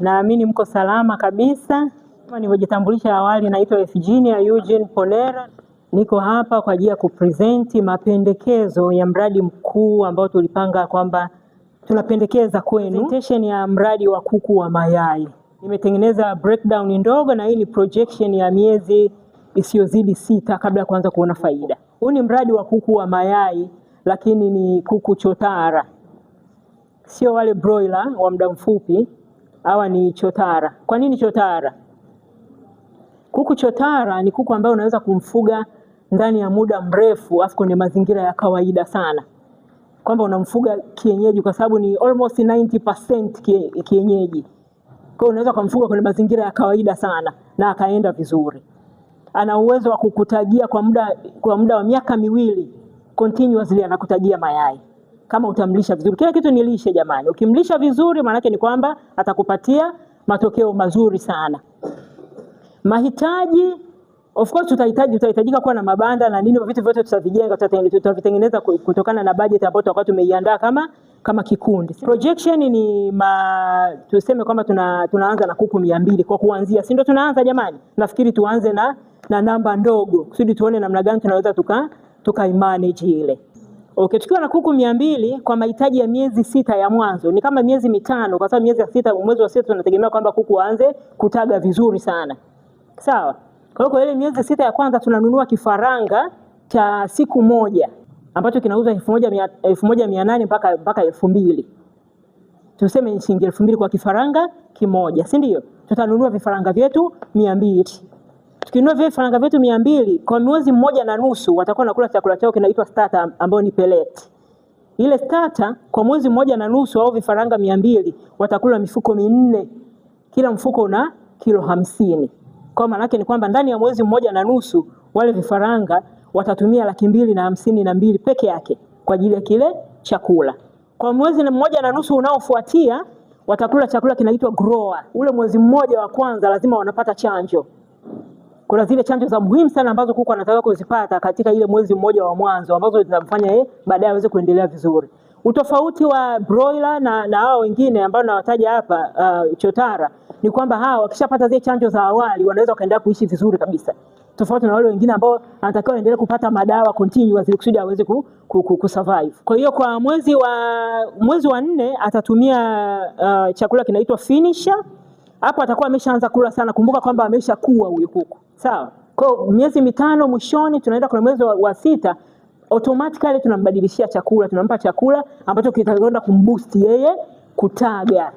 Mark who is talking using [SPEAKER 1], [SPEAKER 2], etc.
[SPEAKER 1] Naamini mko salama kabisa. Nilivyojitambulisha awali, naitwa Eugenia Eugene Ponera. Niko hapa kwa ajili ya kupresenti mapendekezo ya mradi mkuu ambao tulipanga kwamba tunapendekeza kwenu, presentation ya mradi wa kuku wa mayai. Nimetengeneza breakdown ndogo, na hii ni projection ya miezi isiyozidi sita kabla ya kuanza kuona faida. Huu ni mradi wa kuku wa mayai, lakini ni kuku chotara, sio wale broiler wa muda mfupi hawa ni chotara. Kwa nini chotara? Kuku chotara ni kuku ambaye unaweza kumfuga ndani ya muda mrefu, afu kwenye mazingira ya kawaida sana, kwamba unamfuga kienyeji, kwa sababu ni almost 90% kienyeji. Kwa hiyo unaweza kumfuga kwenye mazingira ya kawaida sana na akaenda vizuri. Ana uwezo wa kukutagia kwa muda kwa muda wa miaka miwili continuously anakutagia mayai kama utamlisha vizuri. Kila kitu ni lishe jamani, ukimlisha vizuri maanake ni kwamba atakupatia matokeo mazuri sana. Mahitaji of course tutahitaji, tutahitajika kuwa na mabanda na nini, vitu vyote tutavijenga, tutavitengeneza kutokana na budget ambayo tutakuwa tumeiandaa kama kama kikundi. Projection ni ma, tuseme kwamba tuna, tunaanza na kuku mia mbili kwa kuanzia, si ndio? Tunaanza jamani, nafikiri tuanze na na namba ndogo kusudi tuone namna gani tunaweza tuka tuka manage ile Okay, tukiwa na kuku mia mbili kwa mahitaji ya miezi sita ya mwanzo ni kama miezi mitano, kwa sababu miezi ya sita, mwezi wa sita tunategemea kwamba kuku waanze kutaga vizuri sana, sawa. Kwa hiyo kwa ile miezi sita ya kwanza tunanunua kifaranga cha siku moja ambacho kinauza elfu moja mia nane mpaka mpaka elfu mbili tuseme shilingi elfu mbili kwa kifaranga kimoja, si ndio? Tutanunua vifaranga vyetu mia mbili tukinunua vile vifaranga vyetu mia mbili kwa mwezi mmoja na nusu watakuwa nakula chakula chao kinaitwa starter ambayo ni pellet. Ile starter kwa mwezi mmoja na nusu au vifaranga mia mbili watakula mifuko minne, kila mfuko una kilo hamsini. Kwa maana yake ni kwamba ndani ya mwezi mmoja na nusu wale vifaranga watatumia laki mbili na hamsini na mbili peke yake kwa ajili ya kile chakula. Kwa mwezi mmoja na nusu unaofuatia watakula chakula kinaitwa grower. Ule mwezi mmoja wa kwanza lazima wanapata chanjo kuna zile chanjo za muhimu sana ambazo kuku anataka kuzipata katika ile mwezi mmoja wa mwanzo ambazo zitamfanya yeye baadaye aweze kuendelea vizuri. Utofauti wa broiler na na hao wengine ambao nawataja hapa uh, chotara ni kwamba hawa wakishapata zile chanjo za awali wanaweza wakaendelea kuishi vizuri kabisa, tofauti na wale wengine ambao anatakiwa endelee kupata madawa continuous ili kusudi aweze ku, ku, ku, ku survive. Kwa hiyo kwa mwezi wa mwezi wa nne atatumia uh, chakula kinaitwa finisher. Hapo atakuwa ameshaanza kula sana. Kumbuka kwamba ameshakuwa huyu kuku sawa. Kwa miezi mitano mwishoni, tunaenda kwa mwezi wa, wa sita automatically tunambadilishia chakula, tunampa chakula ambacho kitakwenda kumboost yeye kutaga.